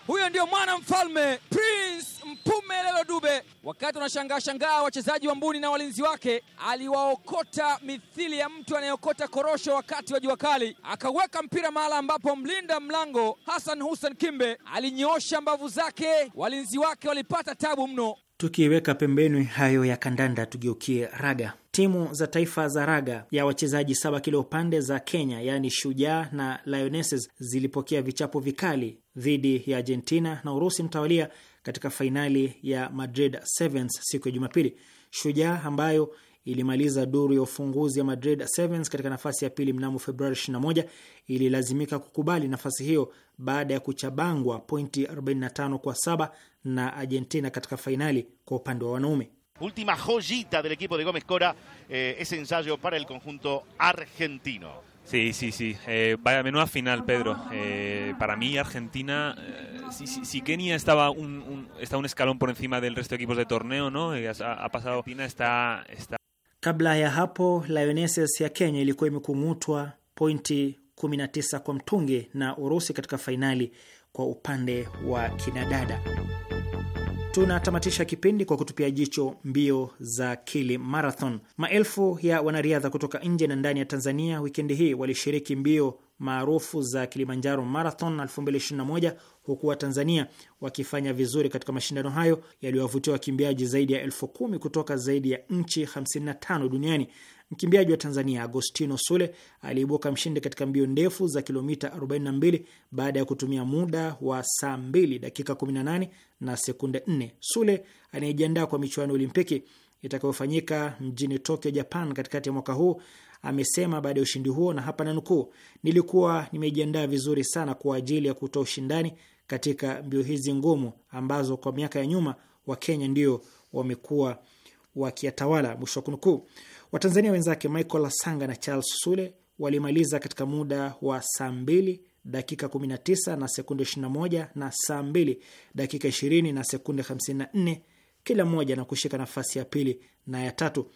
huyo ndio mwana mfalme Prince Mpume Lelo Dube. Wakati wanashangaa shangaa wachezaji wa Mbuni na walinzi wake, aliwaokota mithili ya mtu anayeokota korosho wakati wa jua kali, akaweka mpira mahala ambapo mlinda mlango Hassan Hussein Kimbe alinyoosha mbavu zake. Walinzi wake walipata tabu mno. Tukiweka pembeni hayo ya kandanda, tugeukie raga. Timu za taifa za raga ya wachezaji saba kila upande za Kenya, yaani Shujaa na Lionesses zilipokea vichapo vikali dhidi ya Argentina na Urusi mtawalia katika fainali ya Madrid Sevens siku ya Jumapili. Shujaa ambayo ilimaliza duru ya ufunguzi ya Madrid Sevens katika nafasi ya pili mnamo Februari 21 ililazimika kukubali nafasi hiyo baada ya kuchabangwa pointi 45 kwa saba na Argentina katika fainali kwa upande wa wanaume. Ultima joyita del equipo de Gomez Cora eh, es ensayo para el conjunto argentino Sí, sí, sí. Eh, vaya, menuda final, Pedro. Eh, para mí, Argentina, eh, si, Kenia estaba un, un, está un escalón por encima del resto de equipos de torneo, ¿no? Eh, ha, ha pasado. Argentina está, está. Kabla ya hapo Lionesses ya Kenya ilikuwa imekung'utwa pointi 19 kwa mtungi na Urusi katika fainali kwa upande wa kinadada. Tunatamatisha kipindi kwa kutupia jicho mbio za Kili Marathon. Maelfu ya wanariadha kutoka nje na ndani ya Tanzania wikendi hii walishiriki mbio maarufu za Kilimanjaro Marathon 2021 huku wa Tanzania wakifanya vizuri katika mashindano hayo yaliyowavutia wakimbiaji zaidi ya elfu kumi kutoka zaidi ya nchi 55 duniani. Mkimbiaji wa Tanzania Agostino Sule aliibuka mshindi katika mbio ndefu za kilomita 42 baada ya kutumia muda wa saa 2 dakika 18 na sekunde 4. Sule anayejiandaa kwa michuano Olimpiki itakayofanyika mjini Tokyo, Japan, katikati ya mwaka huu amesema baada ya ushindi huo, na hapa nanukuu, nilikuwa nimejiandaa vizuri sana kwa ajili ya kutoa ushindani katika mbio hizi ngumu ambazo kwa miaka ya nyuma Wakenya ndio wamekuwa wakiyatawala, mwisho wa kunukuu. Watanzania wenzake Michael Asanga na Charles Sule walimaliza katika muda wa saa 2 dakika 19 na sekunde 21 na saa 2 dakika 20 na sekunde 54 kila mmoja na kushika nafasi ya pili na ya tatu.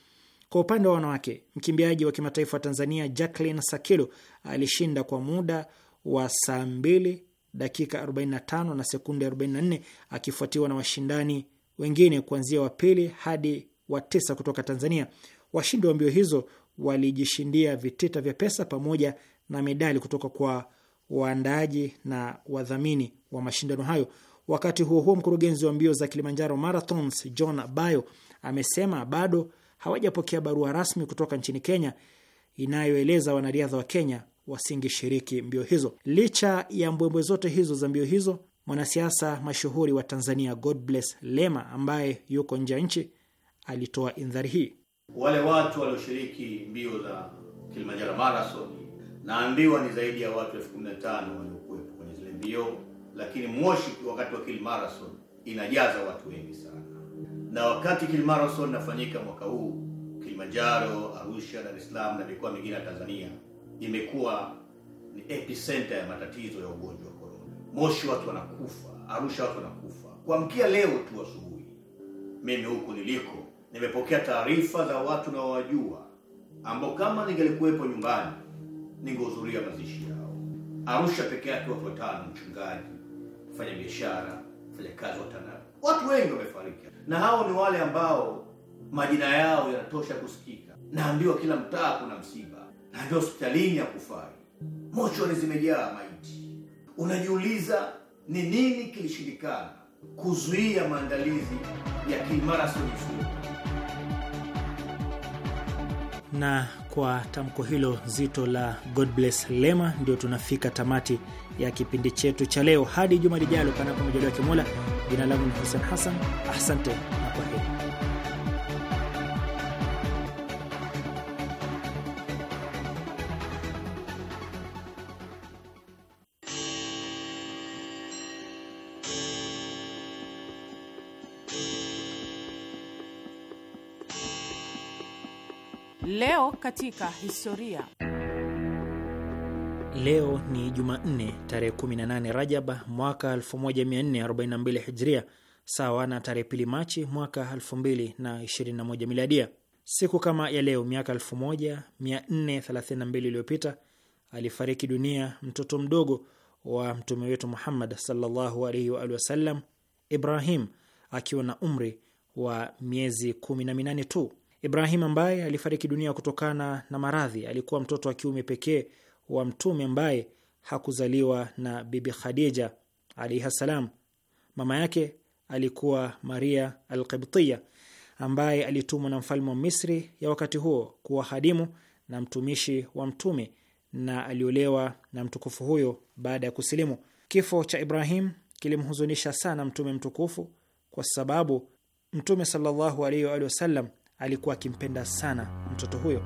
Kwa upande wa wanawake, mkimbiaji wa kimataifa wa Tanzania Jacqueline Sakilo alishinda kwa muda wa saa 2 dakika 45 na sekunde 44 akifuatiwa na washindani wengine kuanzia wa pili hadi wa tisa kutoka Tanzania. Washindi wa mbio hizo walijishindia vitita vya pesa pamoja na medali kutoka kwa waandaaji na wadhamini wa mashindano hayo. Wakati huo huo, mkurugenzi wa mbio za Kilimanjaro Marathons John Bayo amesema bado hawajapokea barua rasmi kutoka nchini Kenya inayoeleza wanariadha wa Kenya wasingeshiriki mbio hizo. Licha ya mbwembwe zote hizo za mbio hizo, mwanasiasa mashuhuri wa Tanzania Godbless Lema ambaye yuko nje ya nchi alitoa indhari hii. Wale watu walioshiriki mbio za Kilimanjaro Marathon naambiwa ni zaidi ya watu elfu kumi na tano waliokuwepo kwenye zile mbio, lakini Moshi wakati wa Kilimarathon inajaza watu wengi sana, na wakati Kilimarathon inafanyika mwaka huu Kilimanjaro, Arusha, Dar es Salaam na mikoa mingine ya Tanzania imekuwa ni epicenter ya matatizo ya ugonjwa wa corona. Moshi watu wanakufa, Arusha watu wanakufa. Kuamkia leo tu asubuhi, mimi huku niliko nimepokea taarifa za watu na wajua ambao kama ningelikuwepo nyumbani ningehudhuria mazishi yao. Arusha peke yake watu watano, mchungaji, fanya biashara, mfanyakazi wa TANAPA, watu wengi wamefariki, na hao ni wale ambao majina yao yanatosha kusikika. Naambiwa kila mtaa kuna msiba, naambiwa hospitalini ya kufai, mochwari zimejaa maiti. Unajiuliza ni nini kilishindikana kuzuia maandalizi ya kimarathon na kwa tamko hilo zito la God bless Lema, ndio tunafika tamati ya kipindi chetu cha leo. Hadi juma lijalo, panapo majaliwa Kimola. Jina langu ni Hussein Hassan, asante na kwa heri Leo katika historia. Leo ni Jumanne tarehe 18 Rajab mwaka 1442 Hijria, sawa na tarehe pili Machi mwaka 2021 Miladia. Siku kama ya leo miaka 1432 iliyopita alifariki dunia mtoto mdogo wa mtume wetu Muhammad sallallahu alaihi wa alihi wasallam, Ibrahim akiwa na umri wa miezi 18 tu. Ibrahim ambaye alifariki dunia kutokana na maradhi alikuwa mtoto wa kiume pekee wa mtume ambaye hakuzaliwa na Bibi Khadija alaihi salam. Mama yake alikuwa Maria Alqibtiya ambaye alitumwa na mfalme wa Misri ya wakati huo kuwa hadimu na mtumishi wa mtume na aliolewa na mtukufu huyo baada ya kusilimu. Kifo cha Ibrahim kilimhuzunisha sana mtume mtukufu, kwa sababu mtume sallallahu alaihi wa alihi wasallam alikuwa akimpenda sana mtoto huyo.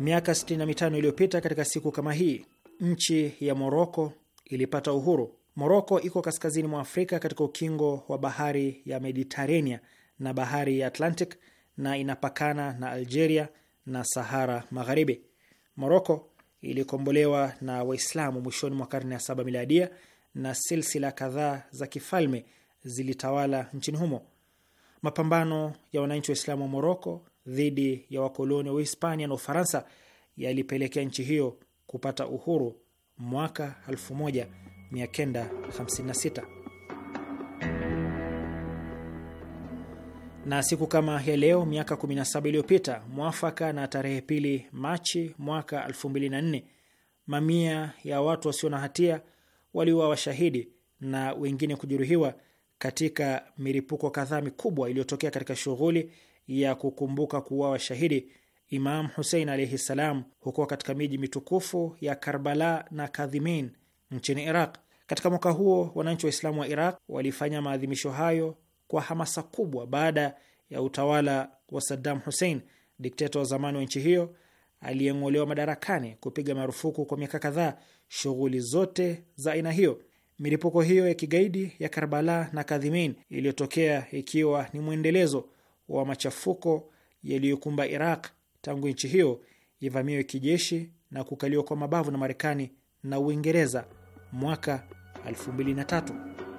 Miaka 65 iliyopita katika siku kama hii, nchi ya Moroko ilipata uhuru. Moroko iko kaskazini mwa Afrika katika ukingo wa bahari ya Mediterania na bahari ya Atlantic na inapakana na Algeria na Sahara Magharibi. Moroko ilikombolewa na Waislamu mwishoni mwa karne ya saba miladia na silsila kadhaa za kifalme zilitawala nchini humo. Mapambano ya wananchi wa Islamu wa Moroko dhidi ya wakoloni wa Hispania na Ufaransa yalipelekea nchi hiyo kupata uhuru mwaka 1956. Na siku kama ya leo miaka 17 iliyopita, mwafaka na tarehe pili Machi mwaka 2004, mamia ya watu wasio na hatia waliuawa washahidi na wengine kujeruhiwa katika milipuko kadhaa mikubwa iliyotokea katika shughuli ya kukumbuka kuuawa washahidi Imam Husein alaihi ssalam huko katika miji mitukufu ya Karbala na Kadhimin nchini Iraq. Katika mwaka huo wananchi Waislamu wa Iraq walifanya maadhimisho hayo kwa hamasa kubwa baada ya utawala wa Saddam Hussein, dikteta wa zamani wa nchi hiyo, aliyeng'olewa madarakani kupiga marufuku kwa miaka kadhaa shughuli zote za aina hiyo. Milipuko hiyo ya kigaidi ya Karbala na Kadhimin iliyotokea ikiwa ni mwendelezo wa machafuko yaliyokumba Iraq tangu nchi hiyo ivamiwe kijeshi na kukaliwa kwa mabavu na Marekani na Uingereza mwaka 2003.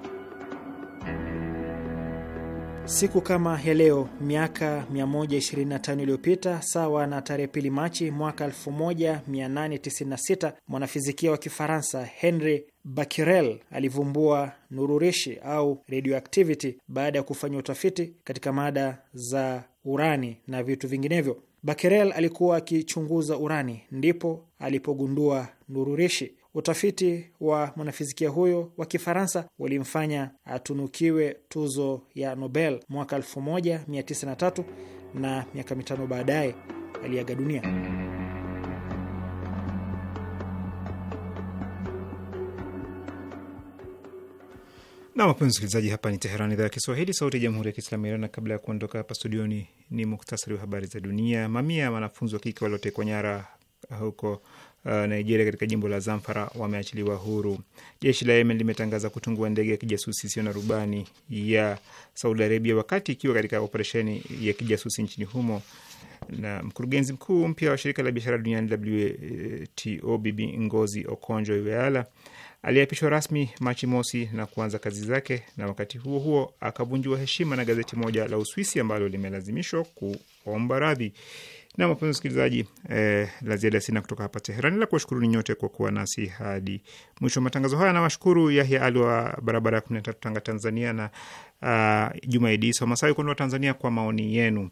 Siku kama ya leo miaka 125 iliyopita, sawa na tarehe pili Machi mwaka 1896, mwanafizikia wa Kifaransa Henry Becquerel alivumbua nururishi au radioactivity baada ya kufanya utafiti katika mada za urani na vitu vinginevyo. Becquerel alikuwa akichunguza urani ndipo alipogundua nururishi. Utafiti wa mwanafizikia huyo wa Kifaransa ulimfanya atunukiwe tuzo ya Nobel mwaka 1903 na miaka mitano baadaye aliaga dunia. Na wapenzi msikilizaji, hapa ni Teheran, idhaa ya Kiswahili, sauti ya jamhuri ya kiislamu ya Iran. Na kabla ya kuondoka hapa studioni, ni, muktasari wa habari za dunia. Mamia ya wanafunzi wa kike waliotekwa nyara huko Uh, Nigeria katika jimbo la Zamfara wameachiliwa huru. Jeshi la Yemen limetangaza kutungua ndege ya kijasusi isiyo na rubani ya Saudi Arabia wakati ikiwa katika operesheni ya kijasusi nchini humo. Na mkurugenzi mkuu mpya wa shirika la biashara duniani WTO, Bibi Ngozi Okonjo Iweala aliyeapishwa rasmi Machi mosi na kuanza kazi zake, na wakati huo huo akavunjiwa heshima na gazeti moja la Uswisi ambalo limelazimishwa kuomba radhi. Na wapenzi msikilizaji, eh, la ziada sina kutoka hapa Teherani la kuwashukuruni nyote kwa kuwa nasi hadi mwisho wa matangazo haya. Nawashukuru Yahya Ali wa barabara ya kumi na tatu Tanga, Tanzania na uh, Juma Idi Masawi Ukonde Tanzania kwa maoni yenu.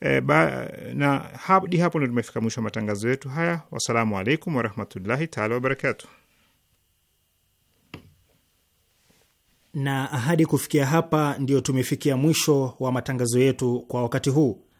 Eh, ba, na hadi hapo ndio tumefika mwisho wa matangazo yetu haya. Wassalamu alaikum warahmatullahi taala wabarakatu. Na hadi kufikia hapa, ndio tumefikia mwisho wa matangazo yetu kwa wakati huu.